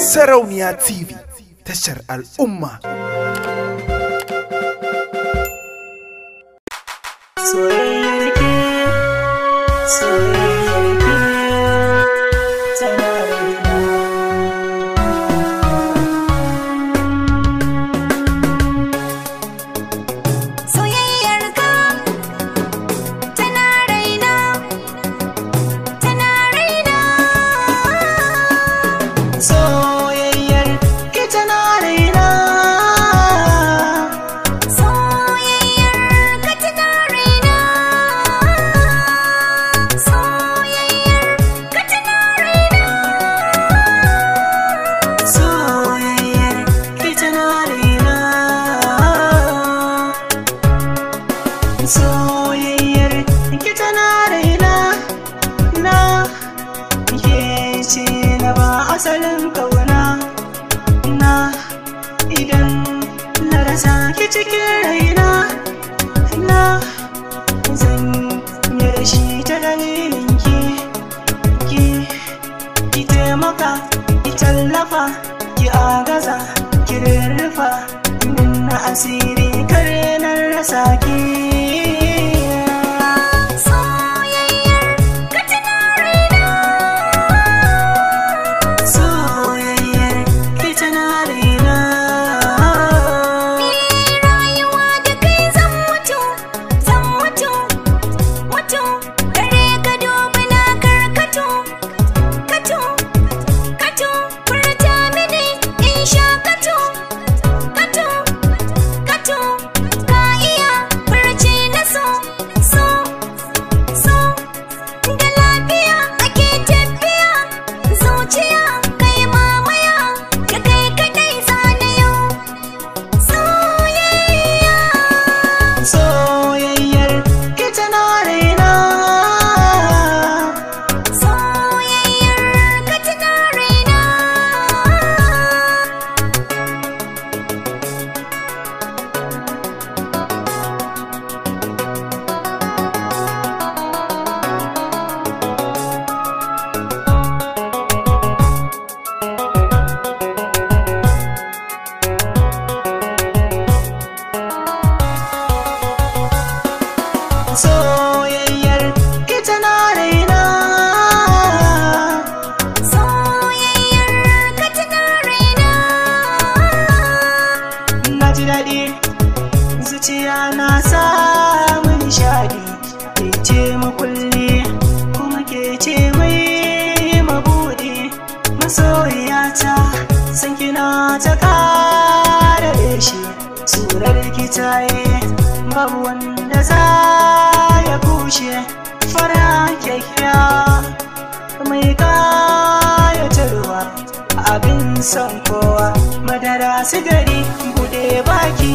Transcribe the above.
Sarauniya TV tashar al'umma. Soyayya asalin kauna na idan na rasa ki cikin raina na zan yi rashi ta dalilin ki ki ki taimaka ki tallafa ki agaza ki rarrafa asiri kare na rasa ki zuciya na samun nishadi ke ce makulli kuma ke ce mai mabudi ta san kina ta kara shi surar kitaye babu wanda za ya kushe fara kyakkya mai kayatarwa abin son kowa madara su gari bude baki